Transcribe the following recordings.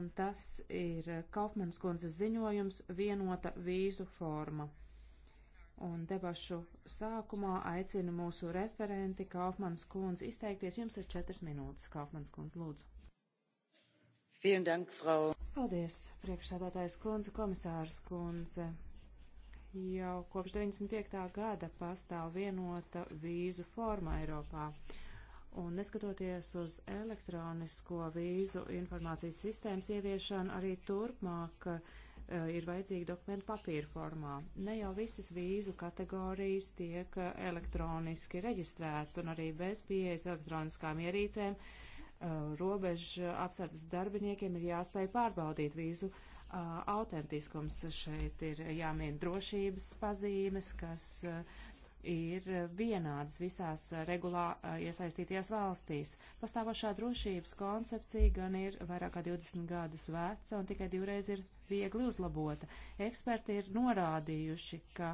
un tas ir Kaufmanas kundzes ziņojums vienota vīzu forma. Un debašu sākumā aicinu mūsu referenti Kaufmanas kundzi izteikties. Jums ir četras minūtes, Kaufmanas kundze, lūdzu. Vielen Dank, Frau. Paldies, priekšsādātājs kundze, komisārs kundze. Jau kopš 95. gada pastāv vienota vīzu forma Eiropā Un neskatoties uz elektronisko vīzu informācijas sistēmas ieviešanu, arī turpmāk uh, ir vajadzīgi dokumenti papīra formā. Ne jau visas vīzu kategorijas tiek eh, elektroniski reģistrēts, un arī bez pieejas elektroniskām ierīcēm uh, eh, robežu apsardzes darbiniekiem ir jāspēj pārbaudīt vīzu uh, autentiskums. Šeit ir jāmien drošības pazīmes, kas uh, ir vienādas visās regulā iesaistītajās valstīs. Pastāvošā drošības koncepcija gan ir vairāk kā 20 gadus veca un tikai divreiz ir viegli uzlabota. Eksperti ir norādījuši, ka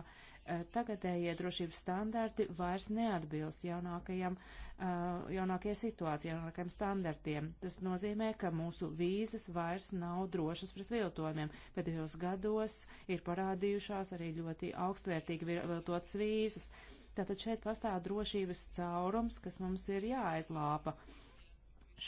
tagadējie drošības standarti vairs neatbilst jaunākajam uh, Uh, jaunākajai situācijai, jaunākajiem standartiem. Tas nozīmē, ka mūsu vīzas vairs nav drošas pret viltojumiem. Pēdējos gados ir parādījušās arī ļoti augstvērtīgi viltotas vīzas. Tātad šeit pastāv drošības caurums, kas mums ir jāaizlāpa.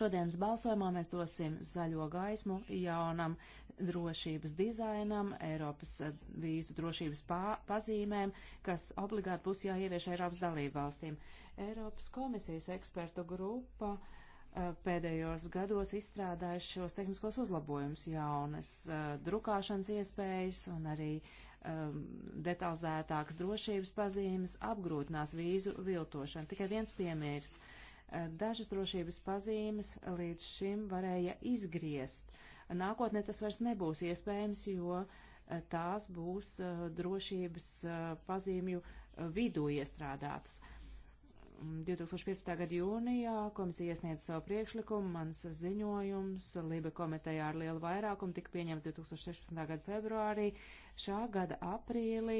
Šodienas balsojumā mēs dosim zaļo gaismu jaunam drošības dizainam, Eiropas uh, vīzu drošības pā, pazīmēm, kas obligāti būs jāievieš Eiropas dalību valstīm. Uh, Eiropas komisijas ekspertu grupa eh, pēdējos gados izstrādājuši šos tehniskos uzlabojumus, jaunas eh, drukāšanas iespējas un arī um, detalizētākas drošības pazīmes apgrūtinās vīzu viltošanu. Tikai viens piemērs. Eh, dažas drošības pazīmes līdz šim varēja izgriezt. Nākotnē tas vairs nebūs iespējams, jo tās būs drošības pazīmju vidū iestrādātas. Uh, 2015. Mm, gada jūnijā komisija iesniedz savu priekšlikumu, mans ziņojums Lība komitejā ar lielu vairākumu tika pieņemts 2016. gada februārī. Šā gada aprīlī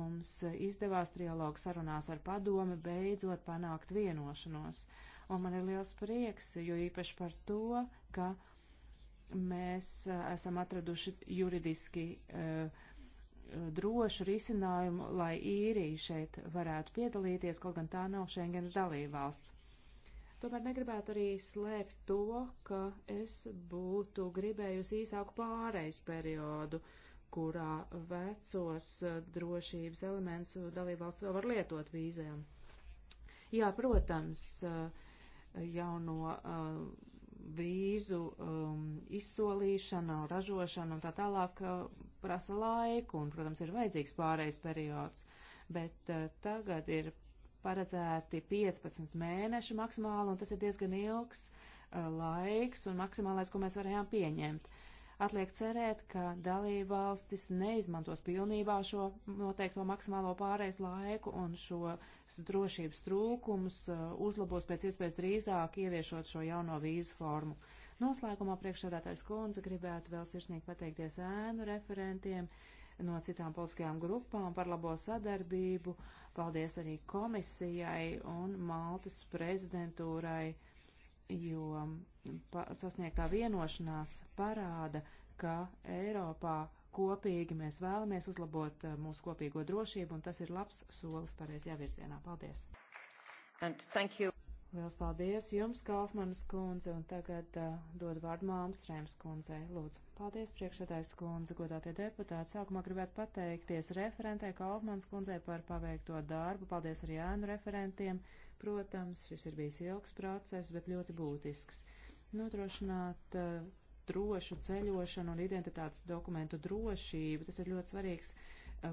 mums izdevās trialogu sarunās ar padomi beidzot panākt vienošanos. Un man ir liels prieks, jo īpaši par to, ka mēs eh, esam atraduši juridiski uh, drošu risinājumu, lai īrija šeit varētu piedalīties, kaut gan tā nav Schengens dalībvalsts. Tomēr negribētu arī slēpt to, ka es būtu gribējusi īsāku pārejas periodu, kurā vecos eh, drošības elements dalībvalsts vēl var lietot vīzēm. Jā, protams, eh, jauno eh, vīzu um, izsolīšana, ražošana un tā tālāk prasa laiku un, protams, ir vajadzīgs pārējais periods, bet uh, tagad ir paredzēti 15 mēneši maksimāli, un tas ir diezgan ilgs uh, laiks un maksimālais, ko mēs varējām pieņemt. Atliek cerēt, ka dalībvalstis neizmantos pilnībā šo noteikto maksimālo pārējais laiku un šo drošības trūkumus uh, uzlabos pēc iespējas drīzāk ieviešot šo jauno vīzu formu. Uh, Noslēgumā priekšsēdētājs kundze gribētu vēl sirsnīgi pateikties ēnu referentiem no citām politiskajām grupām par labo sadarbību. Paldies arī komisijai un Maltas prezidentūrai, jo sasniegtā vienošanās parāda, ka Eiropā kopīgi mēs vēlamies uzlabot eh, mūsu kopīgo drošību, un tas ir labs solis pareizajā virzienā. Paldies! Liels paldies jums, Kaufmanas kundze, un tagad uh, dod vārdu māmas Rēms kundzei. Lūdzu, paldies priekšsēdājas kundze, godātie deputāti. Sākumā gribētu pateikties referentē Kaufmanas kundzei par paveikto darbu. Paldies arī ēnu referentiem. Protams, šis ir bijis ilgs process, bet ļoti būtisks. Nodrošināt uh, drošu ceļošanu un identitātes dokumentu drošību, tas ir ļoti svarīgs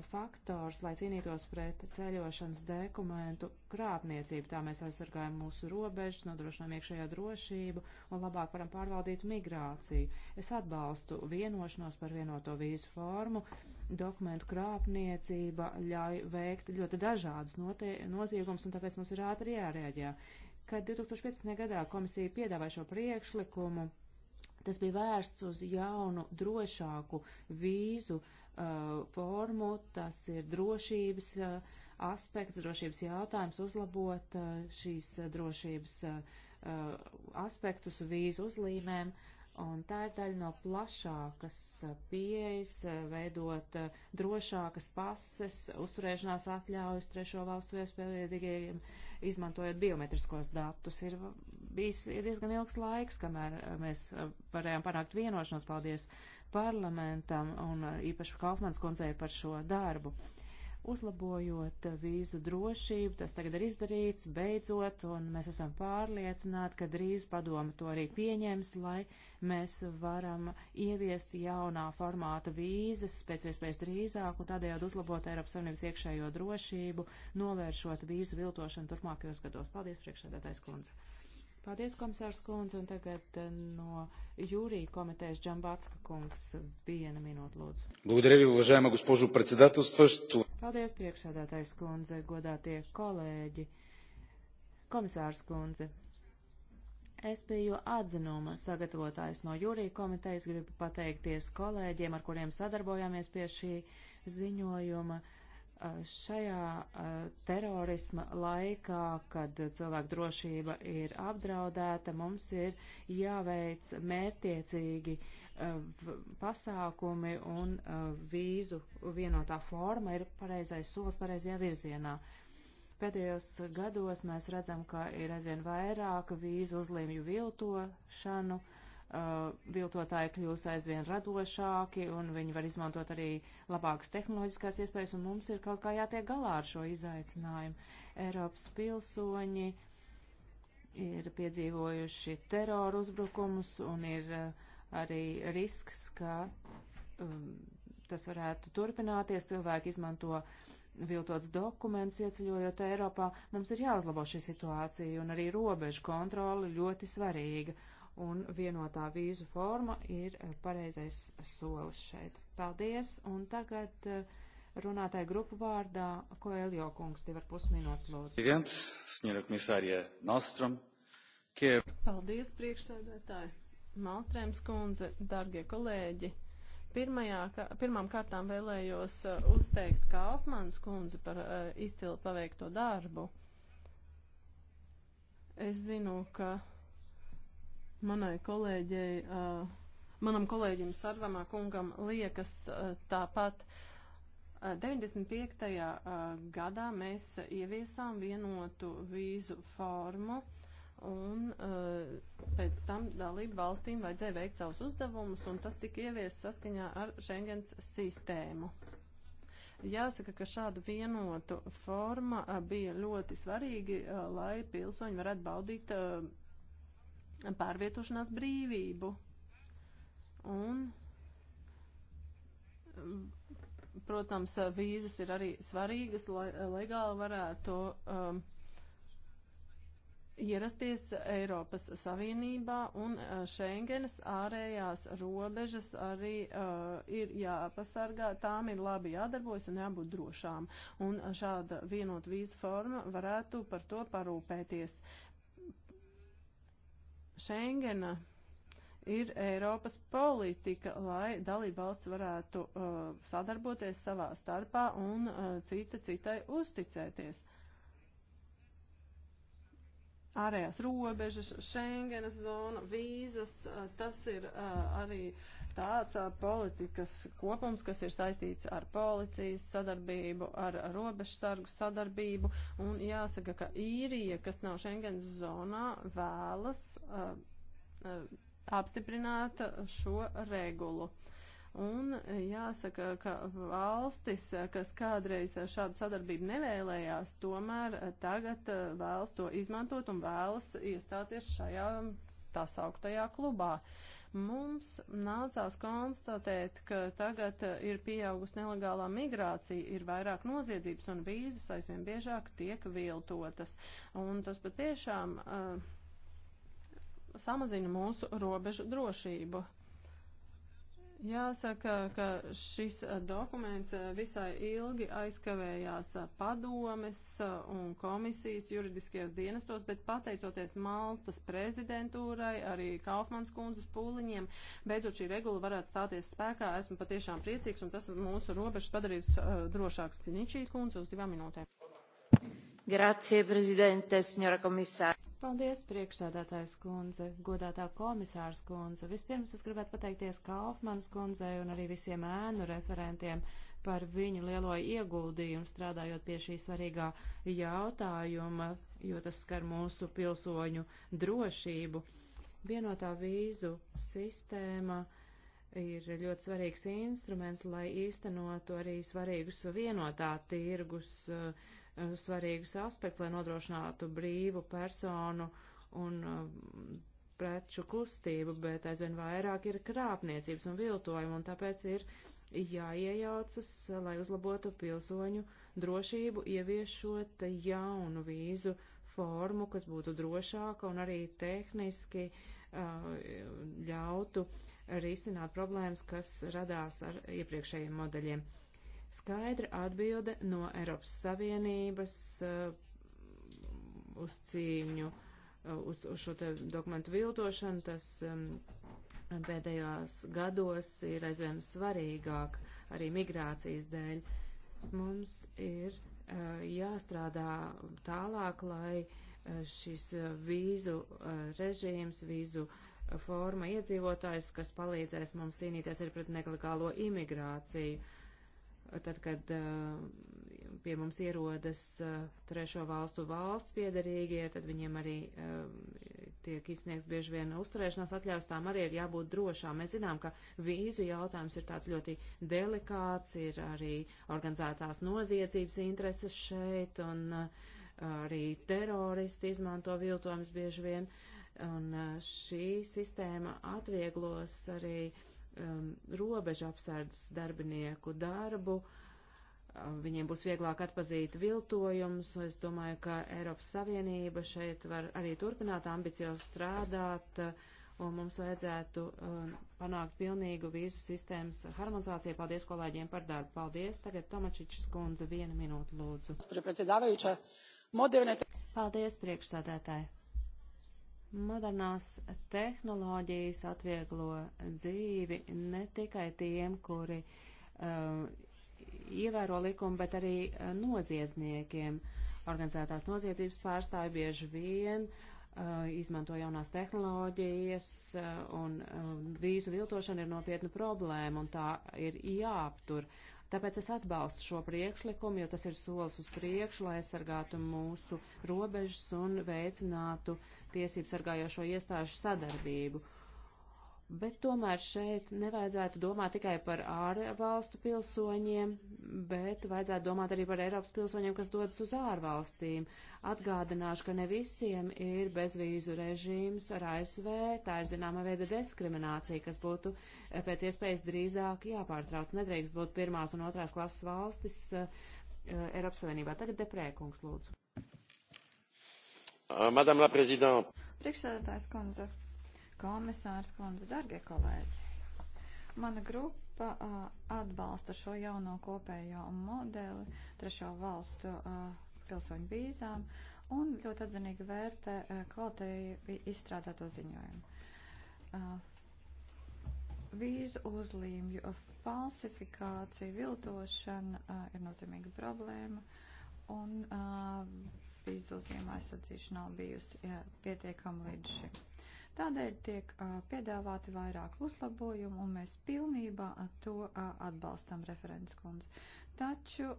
faktors, lai cīnītos pret ceļošanas dokumentu krāpniecību. Tā mēs aizsargājam mūsu robežas, nodrošinām iekšējo drošību un labāk varam pārvaldīt migrāciju. Es atbalstu vienošanos par vienoto vīzu formu. Dokumentu krāpniecība ļauj veikt ļoti dažādas noziegums, un tāpēc mums ir ātri jārēģē. Kad 2015. gadā komisija piedāvāja šo priekšlikumu, tas bija vērsts uz jaunu, drošāku vīzu uh, Uh, formu, tas ir drošības uh, aspekts, drošības jautājums, uzlabot uh, šīs drošības aspektus vīzu uzlīmēm, un tā ir daļa no plašākas pieejas, veidot drošākas pases, uzturēšanās atļaujas trešo valstu iespējīgajiem, izmantojot biometriskos datus. Ir bijis diezgan ilgs laiks, kamēr mēs varējām panākt vienošanos, paldies parlamentam un īpaši Kaufmanas kundzei par šo darbu. Uzlabojot vīzu drošību, tas tagad ir izdarīts, beidzot, un mēs esam pārliecināti, ka drīz padoma to arī pieņems, lai mēs varam ieviest jaunā formāta vīzes pēc iespējas drīzāk un tādējādi uzlabot Eiropas Savienības iekšējo drošību, novēršot vīzu viltošanu turpmākajos gados. Paldies, priekšsēdētājs kundze! Paldies, komisārs Kunz, un tagad eh, no Jūrija komitejas Džambatska kungs viena minūte lūdzu. Благодаря, уважаема госпожо председателстващ. Paldies, priekšsēdētājs Kunze, godātie kolēģi. Komisārs Kunze, Es biju atzinuma sagatavotājs no jūrija komitejas, gribu pateikties kolēģiem, ar kuriem sadarbojāmies pie šī ziņojuma. Eh, šajā eh, terorisma laikā, kad cilvēku drošība ir apdraudēta, mums ir jāveic mērtiecīgi eh, pasākumi un vīzu vienotā forma ir pareizais solis pareizajā virzienā. Pēdējos gados mēs redzam, ka ir aizvien vairāk vīzu uzlīmju viltošanu, uh, Uh, viltotāji kļūs aizvien radošāki un viņi var izmantot arī labākas tehnoloģiskās iespējas, un mums ir kaut kā jātiek galā ar šo izaicinājumu. Eiropas pilsoņi ir piedzīvojuši teroru uzbrukumus un ir uh, arī risks, ka um, tas varētu turpināties, cilvēki izmanto viltots dokumentus ieceļojot Eiropā, mums ir jāuzlabo šī situācija un arī robežu kontroli ļoti svarīga un vienotā vīzu forma ir eh, pareizais solis šeit. Paldies, un tagad eh, runātāja grupu vārdā Koeljo kungs, divi ar pus minūtes lūdzu. Paldies, priekšsēdētāji. Malstrēms kundze, dargie kolēģi, pirmajā, ka, pirmām kārtām vēlējos eh, uzteikt Kaufmanas kundzi par uh, izcilu paveikto darbu. Es zinu, ka manai kolēģei, uh, manam kolēģim Sarvamā kungam liekas uh, tāpat. Uh, 95. gadā mēs ieviesām vienotu vīzu formu un pēc tam dalību valstīm vajadzēja veikt savus uzdevumus un tas tika ievies saskaņā ar Schengens sistēmu. Jāsaka, ka šāda vienotu forma bija ļoti svarīgi, lai pilsoņi varētu baudīt pārvietošanās brīvību. Un, protams, vīzas ir arī svarīgas, lai legāli varētu um, ierasties Eiropas Savienībā un uh, Schengenas ārējās robežas arī uh, ir jāpasargā, tām ir labi jādarbojas un jābūt drošām. Un uh, šāda vienot vīzu forma varētu par to parūpēties. Uh, Schengena ir Eiropas politika, lai dalība valsts varētu uh, sadarboties savā starpā un uh, cita citai uzticēties. Ārējās robežas, Schengenas zona, vīzas, uh, tas ir uh, arī uh, tāds politikas kopums, kas ir saistīts ar policijas sadarbību, ar robežsargu sadarbību, un jāsaka, ka īrija, kas nav Schengens zonā, vēlas uh, uh, apstiprināt šo regulu. Un jāsaka, ka valstis, kas kādreiz šādu sadarbību nevēlējās, tomēr tagad vēlas to izmantot un vēlas iestāties šajā tā sauktajā klubā. Uh, Mums nācās konstatēt, ka tagad eh, ir pieaugusi nelegālā migrācija, ir vairāk noziedzības un vīzas aizvien biežāk tiek viltotas. Un tas patiešām uh, samazina mūsu robežu drošību. Jāsaka, ka šis eh, dokuments eh, visai ilgi aizkavējās eh, padomes un komisijas juridiskajos dienestos, bet pateicoties Maltas prezidentūrai, arī Kaufmans kundzes pūliņiem, beidzot šī regula varētu stāties spēkā. Esmu patiešām priecīgs, un tas mūsu robežas padarīs uh, drošāks. Kničī kundze uz divām minūtēm. Grazie, prezidente, signora komisāra. Paldies, priekšsēdētājs kundze, godātā komisārs kundze. Vispirms es gribētu pateikties Kaufmanas kundzei un arī visiem ēnu referentiem par viņu lielo ieguldījumu strādājot pie šī svarīgā jautājuma, jo tas skar mūsu pilsoņu drošību. Vienotā vīzu sistēma ir ļoti svarīgs instruments, lai īstenotu arī svarīgus vienotā tirgus uh, Eh, svarīgus aspektus, lai nodrošinātu brīvu personu un eh, preču kustību, bet aizvien vairāk ir krāpniecības un viltojuma, un tāpēc ir jāiejaucas, eh, lai uzlabotu pilsoņu drošību, ieviešot jaunu vīzu formu, kas būtu drošāka un arī tehniski uh, ļautu risināt problēmas, kas radās ar iepriekšējiem modeļiem. Skaidra atbilde no Eiropas Savienības uh, uz cīņu, uh, uz, uz šo te dokumentu viltošanu, tas um, pēdējos gados ir aizvien svarīgāk arī migrācijas dēļ. Mums ir uh, jāstrādā tālāk, lai šis vīzu režīms, vīzu forma iedzīvotājs, kas palīdzēs mums cīnīties arī pret nelegālo imigrāciju tad, kad eh, pie mums ierodas eh, trešo valstu valsts piedarīgie, tad viņiem arī eh, tiek izsniegts bieži vien uzturēšanās atļaus, tām arī ir jābūt drošām. Mēs zinām, ka vīzu jautājums ir tāds ļoti delikāts, ir arī organizētās noziedzības intereses šeit, un arī teroristi izmanto viltojums bieži vien, un šī sistēma atvieglos arī uh, um, robežu apsardzes darbinieku darbu. Um, viņiem būs vieglāk atpazīt viltojumus. Es domāju, ka Eiropas Savienība šeit var arī turpināt ambiciozi strādāt, uh, un mums vajadzētu um, panākt pilnīgu vīzu sistēmas harmonizāciju. Paldies kolēģiem par darbu. Paldies. Tagad Tomačičs kundze, viena minūte lūdzu. Paldies, priekšsādētāji. Modernās tehnoloģijas atvieglo dzīvi ne tikai tiem, kuri uh, ievēro likumu, bet arī uh, noziedzniekiem. Organizētās noziedzības pārstāvi bieži vien uh, izmanto jaunās tehnoloģijas, uh, un uh, vīzu viltošana ir nopietna problēma, un tā ir jāaptur. Tāpēc es atbalstu šo priekšlikumu, jo tas ir solis uz priekšu, lai aizsargātu mūsu robežas un veicinātu tiesību sargājošo iestāžu sadarbību. Bet tomēr šeit nevajadzētu domāt tikai par ārvalstu pilsoņiem, bet vajadzētu domāt arī par Eiropas pilsoņiem, kas dodas uz ārvalstīm. Atgādināšu, ka ne visiem ir bezvīzu režīms ar ASV, tā ir zināma veida diskriminācija, kas būtu eh, pēc iespējas drīzāk jāpārtrauc. Nedrīkst būt pirmās un otrās klases valstis uh, Eiropas Savienībā. Tagad deprēkungs lūdzu. Uh, madame la Présidente. Priekšsēdētājs Konzervatīvs. Komisārs Kundze, dargie kolēģi, mana grupa uh, atbalsta šo jauno kopējo modeli trešo valstu uh, pilsoņu vīzām un ļoti atzinīgi vērtē uh, kvalitēji izstrādāto ziņojumu. Uh, vīzu uzlīmju falsifikācija, viltošana uh, ir nozīmīga problēma, un uh, vīzu uzlīmju aizsardzīšana nav bijusi ja, pietiekama līdz šim. Tādēļ tiek piedāvāti vairāk uzlabojumu, un mēs pilnībā to atbalstam referents kundze. Taču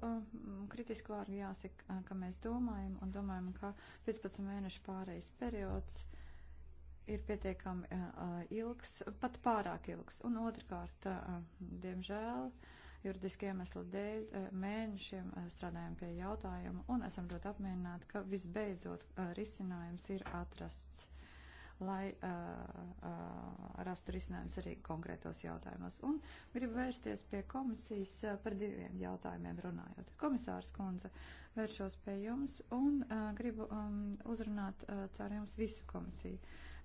kritiski vārgi jāsaka, ka mēs domājam un domājam, ka 15 mēnešu pārejas periods ir pietiekami uh, ilgs, pat pārāk ilgs. Un otrkārt, uh, diemžēl, juridiski iemesli dēļ uh, mēnešiem uh, strādājam pie jautājuma un esam ļoti apmierināti, ka visbeidzot uh, risinājums ir atrasts lai uh, uh, rastu risinājums arī konkrētos jautājumos. Un gribu vērsties pie komisijas uh, par diviem jautājumiem runājot. Komisārs Kunze, vēršos pie jums un uh, gribu um, uzrunāt uh, caur jums visu komisiju.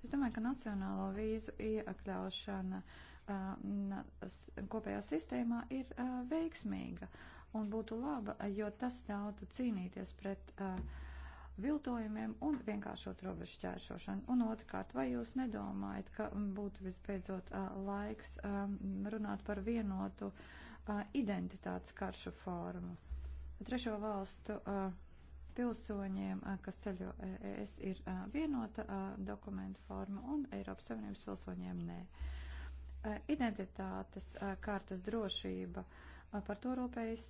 Es domāju, ka nacionālo vīzu iekļaušana uh, kopējā sistēmā ir uh, veiksmīga un būtu laba, jo tas ļautu cīnīties pret. Uh, viltojumiem un vienkāršot robežu šķēršošanu? Un otrkārt, vai jūs nedomājat, ka būtu visbeidzot laiks runāt par vienotu identitātes karšu formu? Trešo valstu pilsoņiem, kas ceļo ES, ir vienota dokumentu forma un Eiropas Savienības pilsoņiem nē. Identitātes kartas drošība par to rūpējas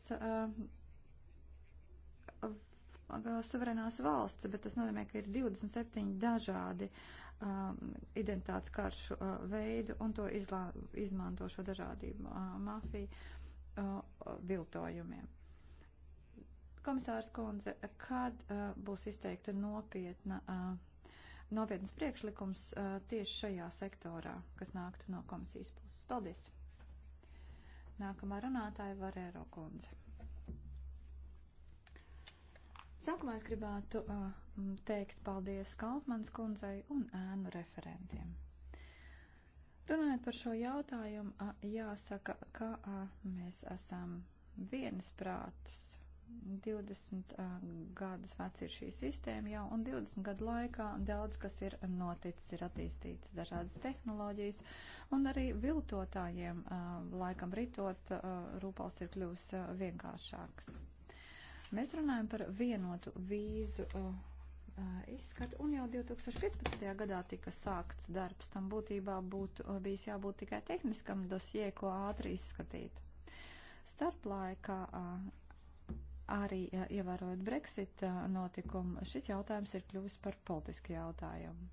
Uh, suverēnās valsts, bet tas nozīmē, ka ir 27 dažādi um, identitātes karšu uh, veidu un to izlā, izmanto šo dažādību uh, mafiju uh, viltojumiem. Komisārs Kundze, kad uh, būs izteikta nopietna, uh, nopietnas priekšlikums uh, tieši šajā sektorā, kas nāktu no komisijas puses? Paldies! Nākamā runātāja Varēro Kundze. Sākumā es gribētu uh, teikt paldies Kaufmanas kundzei un ēnu referentiem. Runājot par šo jautājumu, uh, jāsaka, ka uh, mēs esam vienas prātus. 20 uh, gadus veci ir šī sistēma jau, un 20 gadu laikā daudz kas ir noticis, ir attīstīts dažādas tehnoloģijas, un arī viltotājiem uh, laikam ritot uh, rūpals ir kļūs uh, vienkāršāks. Mēs runājam par vienotu vīzu uh, uh izskatu, un jau 2015. gadā tika sākts darbs. Tam būtībā būtu uh, bijis jābūt tikai tehniskam dosie, ko ātri izskatīt. Starplaikā uh, arī uh, ievērojot Brexit uh, notikumu, šis jautājums ir kļuvis par politisku jautājumu.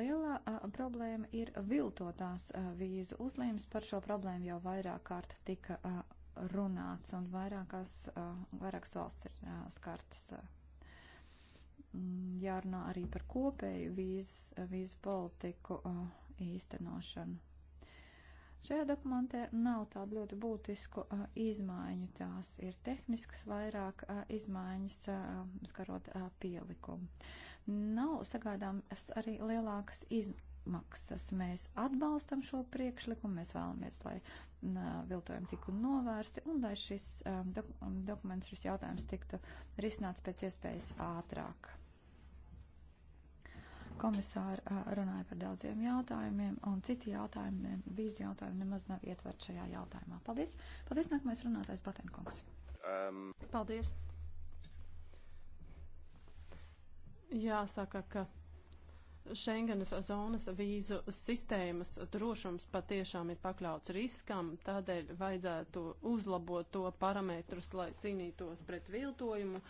Lielā a, uh, problēma ir viltotās a, vīzu uzlīmes. Par šo problēmu jau vairāk kārt tika a, runāts, un vairākās, vairākas valsts ir skartas. Mm, jārunā arī par kopēju vīzes, vīzu politiku īstenošanu. Šajā dokumentē nav tādu ļoti būtisku a, izmaiņu, tās ir tehniskas vairāk a, izmaiņas, a, skarot a, pielikumu. Nav sagaidāmas arī lielākas izmaksas. Mēs atbalstam šo priekšlikumu, mēs vēlamies, lai viltojumi tiku novērsti un lai šis dok dokuments, šis jautājums tiktu risināts pēc iespējas ātrāk. Komisāri runāja par daudziem jautājumiem, un citi jautājumi, vīzu jautājumi nemaz nav ietvert šajā jautājumā. Paldies! Paldies, nākamais runātājs Batenkungs. Um. Paldies! Jāsaka, ka Šengenas zonas vīzu sistēmas drošums patiešām ir pakļauts riskam, tādēļ vajadzētu uzlabot to parametrus, lai cīnītos pret viltojumu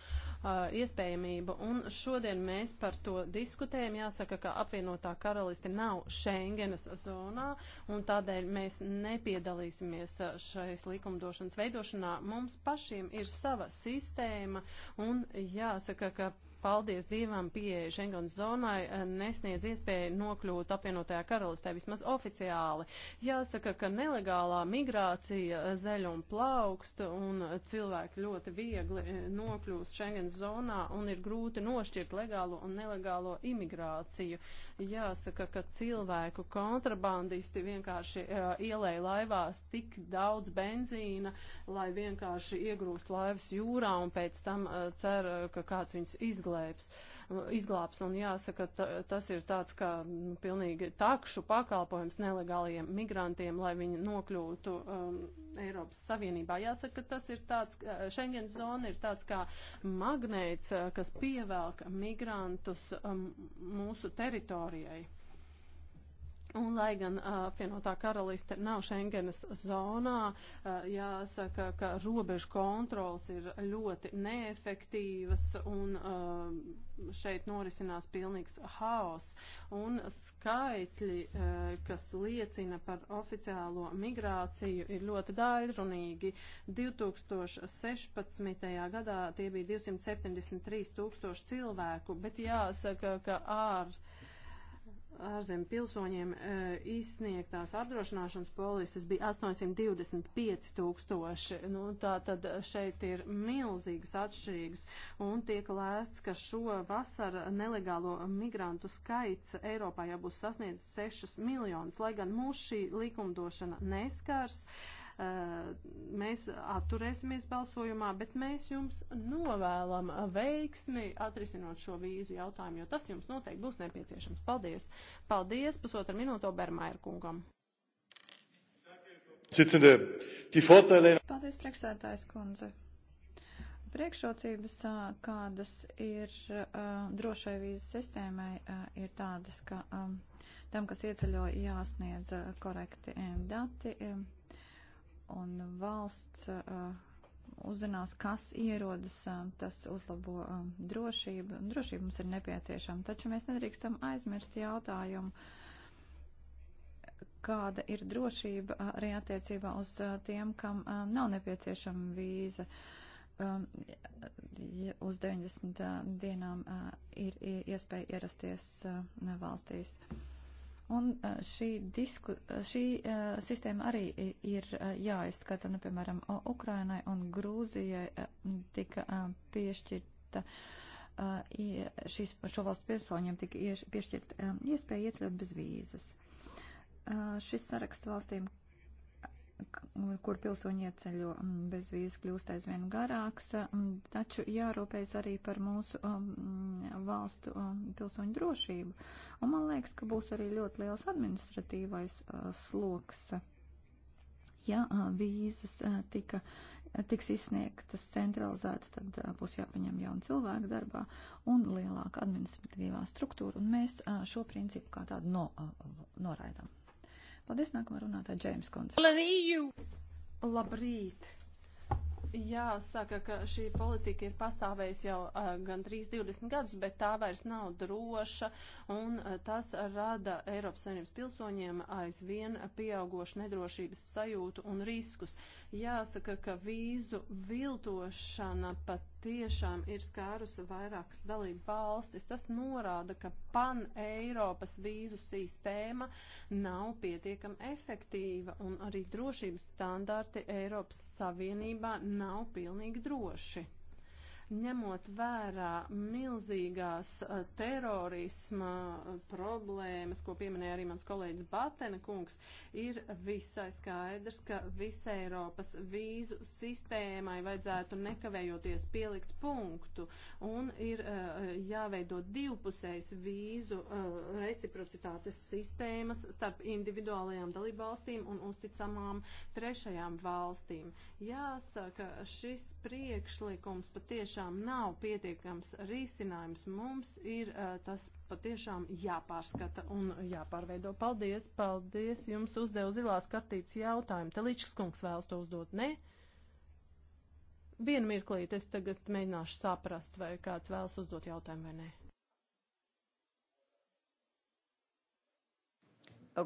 iespējamību. Un šodien mēs par to diskutējam. Jāsaka, ka apvienotā karalisti nav Šengenas zonā, un tādēļ mēs nepiedalīsimies šais likumdošanas veidošanā. Mums pašiem ir sava sistēma, un jāsaka, ka paldies Dievam, pieeja Schengens zonai eh, nesniedz iespēju nokļūt apvienotajā karalistē, vismaz oficiāli. Jāsaka, ka nelegālā migrācija eh, zeļum plaukst un eh, cilvēki ļoti viegli nokļūst Schengens zonā un ir grūti nošķirt legālo un nelegālo imigrāciju. Jāsaka, ka cilvēku kontrabandisti vienkārši uh, ielēja laivās tik daudz benzīna, lai vienkārši iegrūst laivas jūrā un pēc tam uh, cer, ka kāds viņus izglābs izglēbs, izglābs. Un jāsaka, tas ir tāds kā nu, pilnīgi takšu pakalpojums nelegāliem migrantiem, lai viņi nokļūtu um, Eiropas Savienībā. Jāsaka, tas ir tāds, Schengen zona ir tāds kā magnēts, kas pievelk migrantus um, mūsu teritorijai. Un, lai gan apvienotā karaliste nav Schengenas zonā, jāsaka, ka robežu kontrols ir ļoti neefektīvas un šeit norisinās pilnīgs haoss. Un skaitļi, kas liecina par oficiālo migrāciju, ir ļoti daidrunīgi. 2016. gadā tie bija 273 tūkstoši cilvēku, bet jāsaka, ka ārā ārzem pilsoņiem e, izsniegtās apdrošināšanas polises bija 825 tūkstoši. Nu, tā tad šeit ir milzīgas atšķirīgas un tiek lēsts, ka šo vasaru nelegālo migrantu skaits Eiropā jau būs sasniedzis 6 miljonus, lai gan mūs šī likumdošana neskars. Uh, Mēs atturēsimies balsojumā, bet mēs jums novēlam veiksmi atrisinot šo vīzu jautājumu, jo tas jums noteikti būs nepieciešams. Paldies! Paldies! Pusotra minūto Bermaira kungam! Paldies, priekšsētājs kundze! Priekšrocības, kādas ir drošai vīzu sistēmai, ir tādas, ka tam, kas ieceļo, jāsniedz korekti dati, un valsts uh, uzzinās, kas ierodas, uh, tas uzlabo um, drošību, un drošība mums ir nepieciešama. Taču mēs nedrīkstam aizmirst jautājumu, kāda ir drošība uh, arī attiecībā uz tiem, kam nav nepieciešama vīza. Um, uz 90 dienām ir iespēja ierasties valstīs. Un uh, šī, disku, uh, šī uh, sistēma arī ir jāizskata, nu, piemēram, Ukrainai un Grūzijai tika piešķirta. Šīs, šo valstu pilsoņiem tika piešķirta um, iespēja iekļūt bez vīzas. Šis saraksts valstīm, kur pilsoņi ieceļo mm, bez vīzes, kļūst aizvien garāks, mm, taču jārūpējas arī par mūsu mm, valstu pilsoņu drošību. Un man liekas, ka būs arī ļoti liels administratīvais sloks, ja vīzas tika, tiks izsniegtas centralizēti, tad būs jāpaņem jauni cilvēki darbā un lielāka administratīvā struktūra, un mēs šo principu kā tādu no, noraidām. Paldies, nākamā runātā Džeims Kundze. E Labrīt! Jāsaka, ka šī politika ir pastāvējusi jau uh, gandrīz 20 gadus, bet tā vairs nav droša, un uh, tas rada Eiropas Savienības pilsoņiem aizvien pieaugošu nedrošības sajūtu un riskus. Jāsaka, ka vīzu viltošana pat tiešām ir skārusi vairākas dalību valstis. Tas norāda, ka pan-Eiropas vīzu sistēma nav pietiekam efektīva un arī drošības standarti Eiropas Savienībā nav pilnīgi droši ņemot vērā milzīgās terorisma problēmas, ko pieminēja arī mans kolēģis Batena kungs, ir visai skaidrs, ka visai Eiropas vīzu sistēmai vajadzētu nekavējoties pielikt punktu un ir jāveido divpusējs vīzu reciprocitātes sistēmas starp individuālajām dalībvalstīm un uzticamām trešajām valstīm. Jāsaka, šis priekšlikums patiešām tiešām nav pietiekams risinājums. Mums ir uh, tas patiešām jāpārskata un jāpārveido. Paldies, paldies, jums uzdevu zilās kartītes jautājumu. Teličs kungs vēlas to uzdot, ne? Vienu mirklīt, es tagad mēģināšu saprast, vai kāds vēlas uzdot jautājumu vai nē.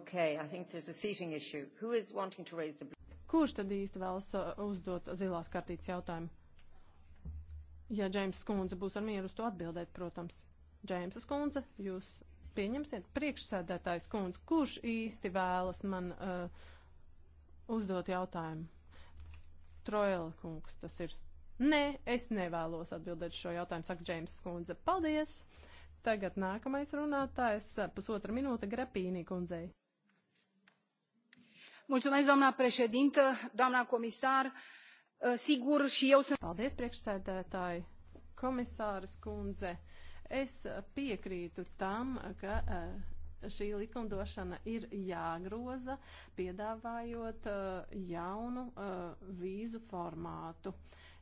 Okay, I think there's a seating issue. Who is wanting to raise the blue? Kurš tad īsti vēlas uzdot zilās kartītes jautājumu? Ja Džeimsa skundze būs ar mieru uz to atbildēt, protams. Džeimsa skundze, jūs pieņemsiet priekšsēdētājs skundze, kurš īsti vēlas man uh, uzdot jautājumu? Trojela kungs, tas ir. Nē, es nevēlos atbildēt šo jautājumu, saka Džeims skundze. Paldies! Tagad nākamais runātājs uh, pusotra minūte Grapīnī kundzei. Mulțumesc, doamna președintă, doamna comisar. Uh, Uh, sigur și eu sunt. Paldies, priekšsēdētāji, komisāras kundze. Es piekrītu tam, ka uh, šī likumdošana ir jāgroza, piedāvājot uh, jaunu uh, vīzu formātu.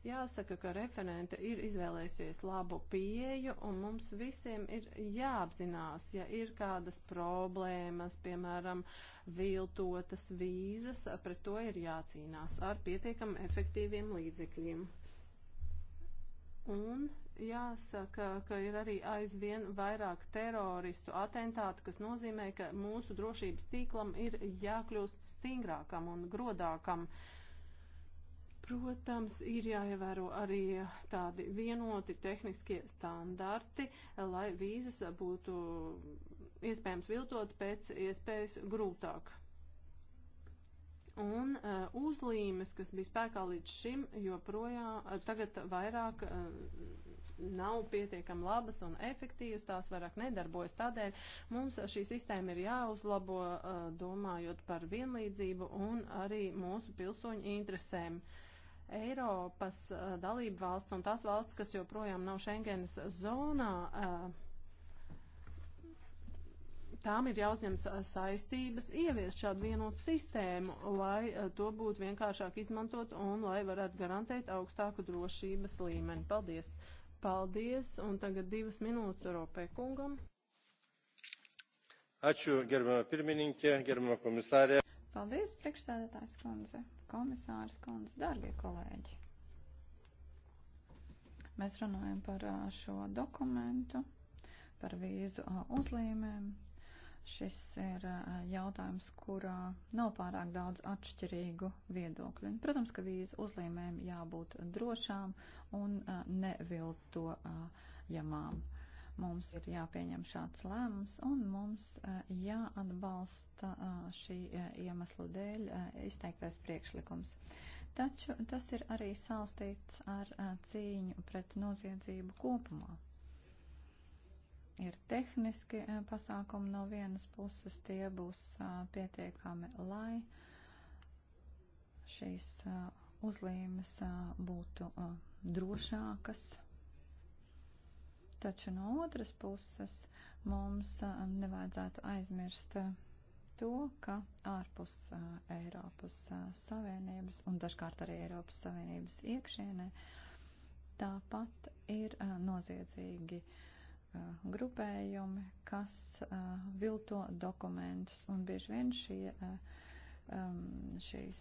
Jāsaka, ka referente ir izvēlējusies labu pieju, un mums visiem ir jāapzinās, ja ir kādas problēmas, piemēram, viltotas vīzas, pret to ir jācīnās ar pietiekam efektīviem līdzekļiem. Un jāsaka, ka ir arī aizvien vairāk teroristu atentātu, kas nozīmē, ka mūsu drošības tīklam ir jākļūst stingrākam un grodākam. Protams, ir jāievēro arī tādi vienoti tehniskie standarti, lai vīzas būtu iespējams viltot pēc iespējas grūtāk. Un uh, uzlīmes, kas bija spēkā līdz šim, joprojām uh, tagad vairāk uh, nav pietiekami labas un efektīvas, tās vairāk nedarbojas. Tādēļ mums šī sistēma ir jāuzlabo, domājot par vienlīdzību un arī mūsu pilsoņu interesēm. Eiropas dalību valsts un tās valsts, kas joprojām nav Schengenas zonā, tām ir jāuzņemas saistības ieviest šādu vienotu sistēmu, lai to būtu vienkāršāk izmantot un lai varētu garantēt augstāku drošības līmeni. Paldies! Paldies, un tagad divas minūtes Eiropai kungam. Ačiū, gerbama pirmininkė, gerbama komisārė. Paldies, priekšsēdētājs kundze, komisārs kundze, dārgie kolēģi. Mēs runājam par šo dokumentu, par vīzu uzlīmēm, Šis ir eh, jautājums, kurā nav pārāk daudz atšķirīgu viedokļu. Un, protams, ka vīzu uzlīmēm jābūt drošām un eh, neviltojamām. Mums ir jāpieņem šāds lēmums un mums eh, jāatbalsta šī iemesla dēļ izteiktais priekšlikums. Taču tas ir arī saustīts ar cīņu pret noziedzību kopumā ir tehniski eh, pasākumi no vienas puses, tie būs eh, pietiekami, lai šīs eh, uzlīmes būtu drošākas. Taču no otras puses mums nevajadzētu aizmirst to, ka ārpus Eiropas Savienības un dažkārt arī Eiropas Savienības iekšienē tāpat ir noziedzīgi uh, grupējumi, kas vilto dokumentus, un bieži vien šie, šīs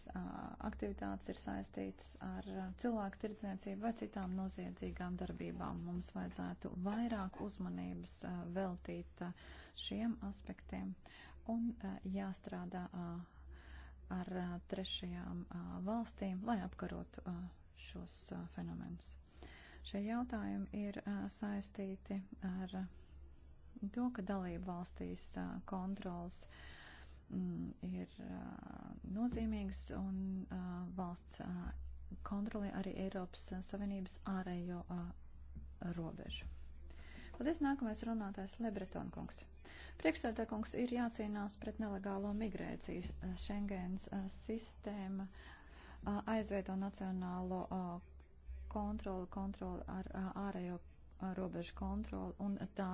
aktivitātes ir saistītas ar cilvēku tirdzniecību vai citām noziedzīgām darbībām. Mums vajadzētu vairāk uzmanības veltīt šiem aspektiem un jāstrādā ar trešajām valstīm, lai apkarotu šos fenomenus. Šie jautājumi ir saistīti ar to, ka dalību valstīs kontrols mm, ir nozīmīgs un valsts kontrolē arī Eiropas Savienības ārējo robežu. Paldies, nākamais runātājs Lebreton kungs. Priekšstādā kungs ir jācīnās pret nelegālo migrēciju. Schengens sistēma aizveido nacionālo kontrola, kontrola ar ārējo robežu kontroli, un tā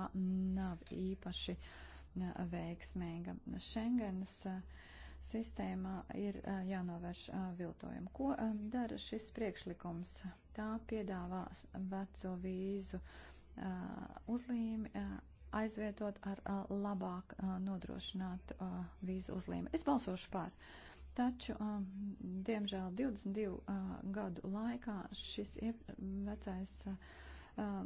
nav īpaši veiksmīga. Šengens sistēmā ir jānovērš viltojumu. Ko dara šis priekšlikums? Tā piedāvā veco vīzu uzlīmi aizvietot ar labāk nodrošinātu vīzu uzlīmi. Es balsošu par. Uh, Taču, um, diemžēl, 22 uh, gadu laikā šis vecais uh,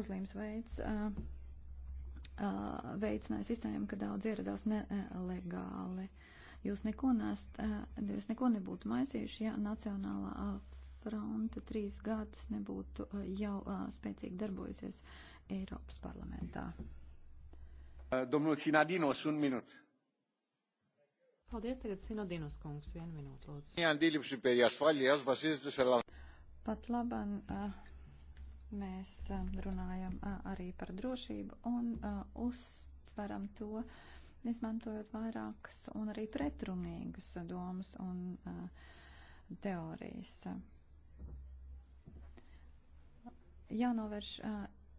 uzlīmes veids uh, uh, veicināja sistēmu, ka daudz ieradās nelegāli. Jūs neko, nest, uh, jūs neko nebūtu maisījuši, ja Nacionālā uh, fronte trīs gadus nebūtu uh, jau uh, spēcīgi darbojusies Eiropas parlamentā. Domnul Sinadino, un minūte. Paldies, tagad Sinodinos kungs, vienu minūtu lūdzu. Pat laban mēs runājam arī par drošību un uztveram to, izmantojot vairākas un arī pretrunīgas domas un teorijas jānovērš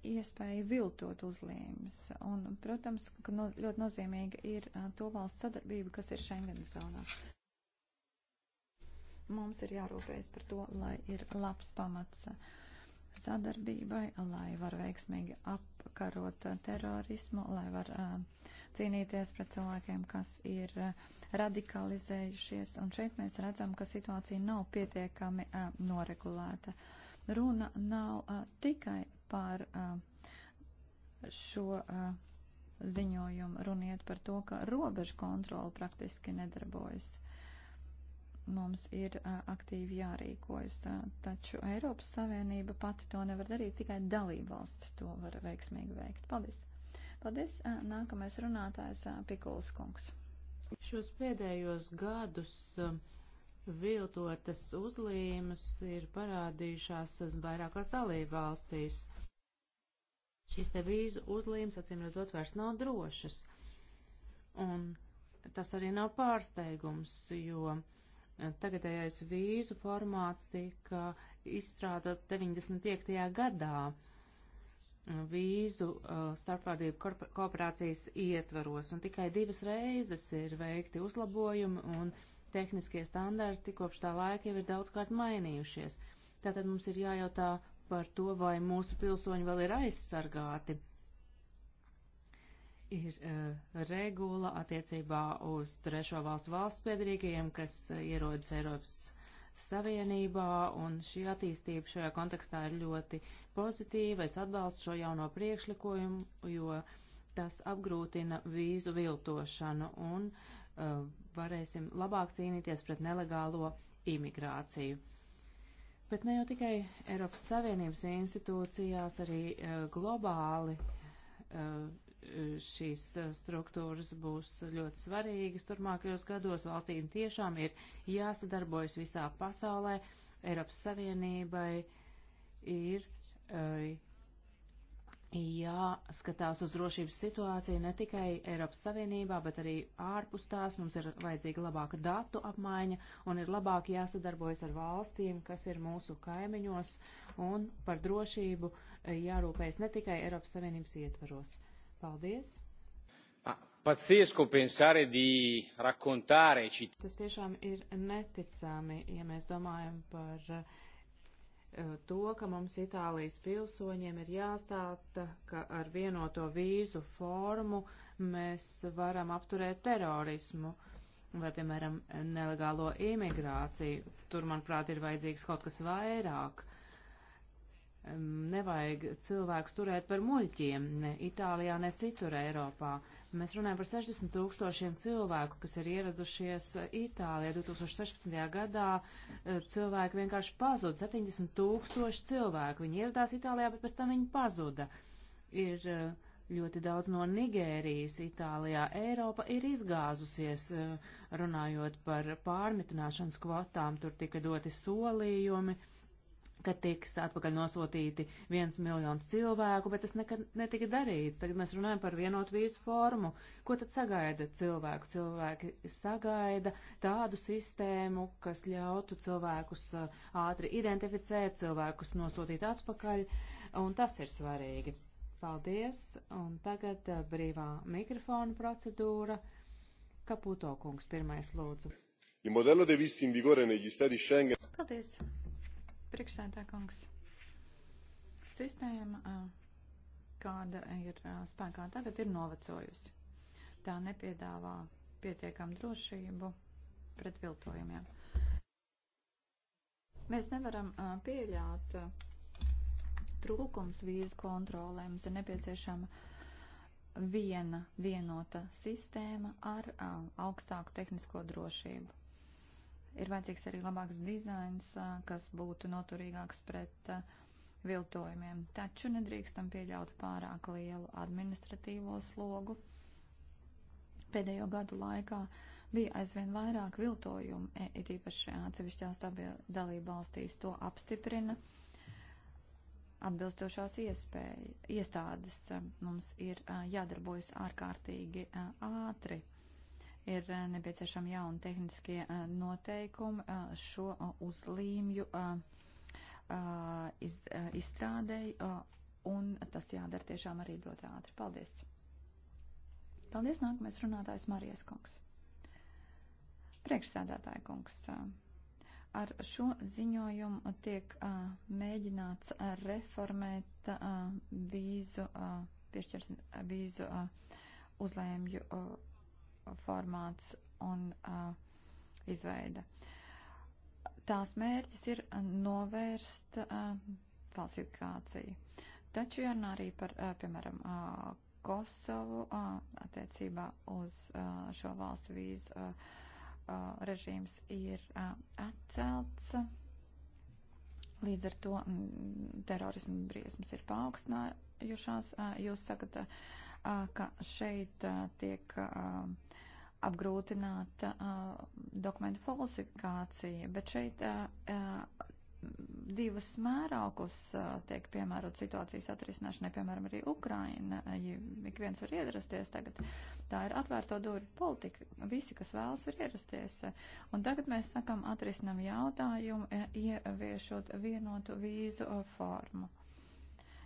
iespēja viltot uzlīmes. Un, protams, ka no, ļoti nozīmīga ir to valsts sadarbība, kas ir Schengen zonā. Mums ir jārūpējas par to, lai ir labs pamats sadarbībai, lai var veiksmīgi apkarot terorismu, lai var uh, cīnīties pret cilvēkiem, kas ir uh, radikalizējušies. Un šeit mēs redzam, ka situācija nav pietiekami uh, noregulēta. Runa nav uh, tikai par eh, šo eh, ziņojumu runiet par to, ka robežu kontrola praktiski nedarbojas. Mums ir eh, aktīvi jārīkojas, taču Eiropas Savienība pati to nevar darīt, tikai dalībvalsts to var veiksmīgi veikt. Paldies! Paldies! Nākamais runātājs Pikuls kungs. Šos pēdējos gadus viltotas uzlīmes ir parādījušās vairākās dalībvalstīs. valstīs šīs te vīzu uzlīmes, acīm redzot, vairs nav drošas. Un tas arī nav pārsteigums, jo e, tagadējais vīzu formāts tika izstrādāt 95. gadā e, vīzu uh, starpvaldību kooperācijas ietvaros, un tikai divas reizes ir veikti uzlabojumi, un tehniskie standarti kopš tā laika jau ir daudzkārt mainījušies. Tātad mums ir jājautā, par to, vai mūsu pilsoņi vēl ir aizsargāti. Ir uh, regula attiecībā uz trešo valstu valsts piedarīgajiem, kas ierodas Eiropas Savienībā, un šī attīstība šajā kontekstā ir ļoti pozitīva. Es atbalstu šo jauno priekšlikumu, jo tas apgrūtina vīzu viltošanu un uh, varēsim labāk cīnīties pret nelegālo imigrāciju. Bet ne jau tikai Eiropas Savienības institūcijās, arī eh, globāli eh, šīs eh, struktūras būs ļoti svarīgas turmākajos gados. Valstīm tiešām ir jāsadarbojas visā pasaulē. Eiropas Savienībai ir jāskatās uz drošības situāciju ne tikai Eiropas Savienībā, bet arī ārpus tās. Mums ir vajadzīga labāka datu apmaiņa un ir labāk jāsadarbojas ar valstīm, kas ir mūsu kaimiņos, un par drošību eh, jārūpējas ne tikai Eiropas Savienības ietvaros. Paldies! Pacieško pensare di raccontare. Tas tiešām ir neticami, ja mēs domājam par uh, Eh, to, ka mums Itālijas pilsoņiem ir jāstāta, ka ar vienoto vīzu formu mēs varam apturēt terorismu vai, piemēram, nelegālo imigrāciju. Tur, manuprāt, ir vajadzīgs kaut kas vairāk. Uh, nevajag cilvēkus turēt par muļķiem, ne Itālijā, ne citur Eiropā. Mēs runājam par 60 tūkstošiem cilvēku, kas ir ieradušies eh, Itālijā 2016. gadā. Eh, cilvēki vienkārši pazuda, 70 tūkstoši cilvēku. Viņi ieradās Itālijā, bet pēc tam viņi pazuda. Ir eh, ļoti daudz no Nigērijas Itālijā. Eiropa ir izgāzusies, runājot par pārmitināšanas kvotām, tur tika doti solījumi ka tiks atpakaļ nosūtīti viens miljons cilvēku, bet tas nekad netika darīts. Tagad mēs runājam par vienotu vīzu formu. Ko tad sagaida cilvēku? Cilvēki sagaida tādu sistēmu, kas ļautu cilvēkus uh, ātri identificēt, cilvēkus nosūtīt atpakaļ, un tas ir svarīgi. Paldies, un tagad uh, brīvā mikrofona procedūra. Kaputo kungs pirmais lūdzu. Il modello dei visti in vigore negli stati Schengen. Paldies. Priekšsēdā kungs. Sistēma, kāda ir spēkā tagad, ir novecojusi. Tā nepiedāvā pietiekam drošību pret viltojumiem. Mēs nevaram pieļaut trūkums vīzu kontrolē. Mums ir nepieciešama viena vienota sistēma ar augstāku tehnisko drošību. Ir vajadzīgs arī labāks dizains, kas būtu noturīgāks pret viltojumiem. Taču nedrīkstam pieļaut pārāk lielu administratīvo slogu. Pēdējo gadu laikā bija aizvien vairāk viltojumu, e, it īpaši atsevišķās dalība valstīs to apstiprina atbilstošās iespēja, iestādes mums ir jādarbojas ārkārtīgi ātri ir eh, nepieciešami jauni tehniskie eh, noteikumi eh, šo uzlīmju iz, izstrādēju, un tas jādara tiešām arī ļoti ātri. Paldies! Paldies, nākamais runātājs Marijas kungs. Priekšsēdētāja kungs. Ar šo ziņojumu tiek uh, mēģināts uh, reformēt uh, vīzu, uh, piešķirs, uh, vīzu uh, uzlēmju uh, formāts un uh, izveida. Tās mērķis ir novērst uh, falsifikāciju. Taču jārunā arī par, uh, piemēram, uh, Kosovu uh, attiecībā uz uh, šo valstu vīzu uh, uh, režīms ir uh, atcelts. Līdz ar to mm, terorismu briesmas ir paaugstinājušās. Uh, jūs sakat, uh, ka šeit tiek apgrūtināta dokumentu falsifikācija, bet šeit divas mērauklas tiek piemērot situācijas atrisināšanai, piemēram, arī Ukraina. Ja ik viens var ierasties tagad. Tā ir atvērto durvju politika. Visi, kas vēlas, var ierasties. Un tagad mēs sakam, atrisinam jautājumu, ieviešot vienotu vīzu formu.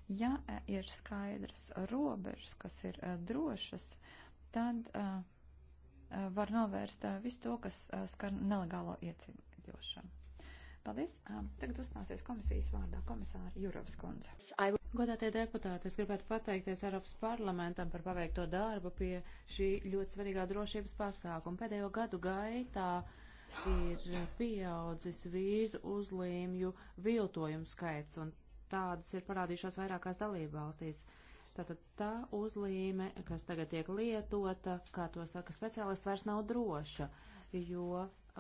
Ja e, ir skaidras robežas, kas ir e, drošas, tad e, var novērst visu to, kas skar nelegālo ieceļošanu. Paldies. Tagad uzstāsies komisijas vārdā komisāra Jurovs kundze. Godātie deputāti, es gribētu pateikties Eiropas parlamentam par paveikto darbu pie šī ļoti svarīgā drošības pasākuma. Pēdējo gadu gaitā ir pieaudzis vīzu uzlīmju viltojumu skaits, un tādas ir parādījušās vairākās dalību valstīs. Tātad tā uzlīme, kas tagad tiek lietota, kā to saka speciālists, vairs nav droša, jo uh,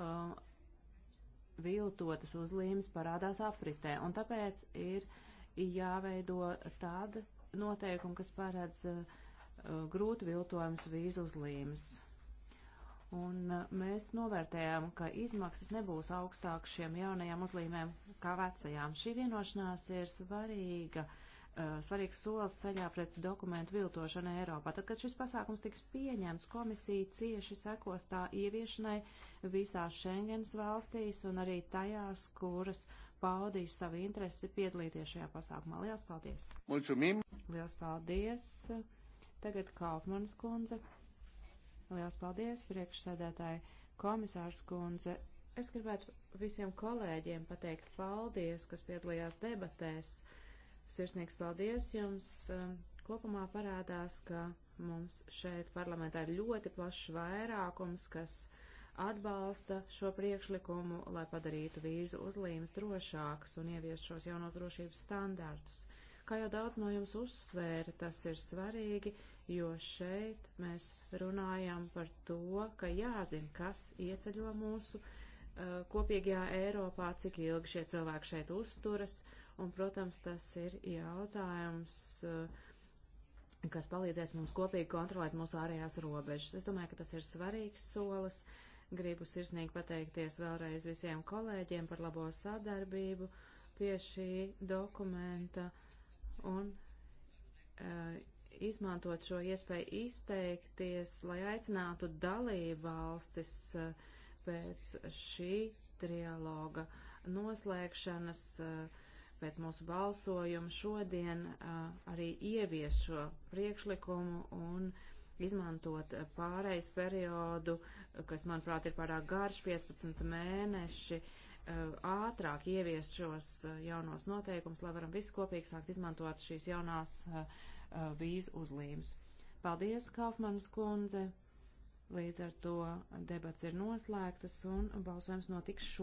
viltotas uzlīmes parādās apritē, un tāpēc ir jāveido tāda noteikuma, kas paredz uh, grūti viltojums vīzu uzlīmes. Un uh, mēs novērtējām, ka izmaksas nebūs augstākas šiem jaunajām uzlīmēm kā vecajām. Šī vienošanās ir svarīga, uh, svarīgs solis ceļā pret dokumentu viltošanu Eiropā. Tad, kad šis pasākums tiks pieņemts, komisija cieši sekos tā ieviešanai visās Schengens valstīs un arī tajās, kuras paudīs savu interesi piedalīties šajā pasākumā. Lielas paldies! Mulčumim! Lielas paldies! Tagad Kaufmanas kundze. Liels paldies, priekšsēdētāji komisārs kundze. Es gribētu visiem kolēģiem pateikt paldies, kas piedalījās debatēs. Sirsnīgs paldies jums. Um, kopumā parādās, ka mums šeit parlamentā ir ļoti plašs vairākums, kas atbalsta šo priekšlikumu, lai padarītu vīzu uzlīmes drošākas un ieviest šos jaunos drošības standārtus. Kā jau daudz no jums uzsvēra, tas ir svarīgi, jo šeit mēs runājam par to, ka jāzina, kas ieceļo mūsu uh, kopīgajā Eiropā, cik ilgi šie cilvēki šeit uzturas, un, protams, tas ir jautājums, uh, kas palīdzēs mums kopīgi kontrolēt mūsu ārējās robežas. Es domāju, ka tas ir svarīgs solis. Gribu sirsnīgi pateikties vēlreiz visiem kolēģiem par labo sadarbību pie šī dokumenta un uh, izmantot šo iespēju izteikties, lai aicinātu dalību valstis uh, e, pēc šī trialoga noslēgšanas, uh, pēc mūsu balsojuma šodien arī ievies šo priekšlikumu un izmantot pārejas periodu, kas, manuprāt, ir pārāk garš, 15 mēneši, uh, Eh, ātrāk ieviest šos eh, jaunos noteikumus, lai varam visi kopīgi sākt izmantot šīs jaunās eh, vīzu uzlīmes. Paldies, Kaufmanas kundze! Līdz ar to debats ir noslēgtas un balsojums notiks šo.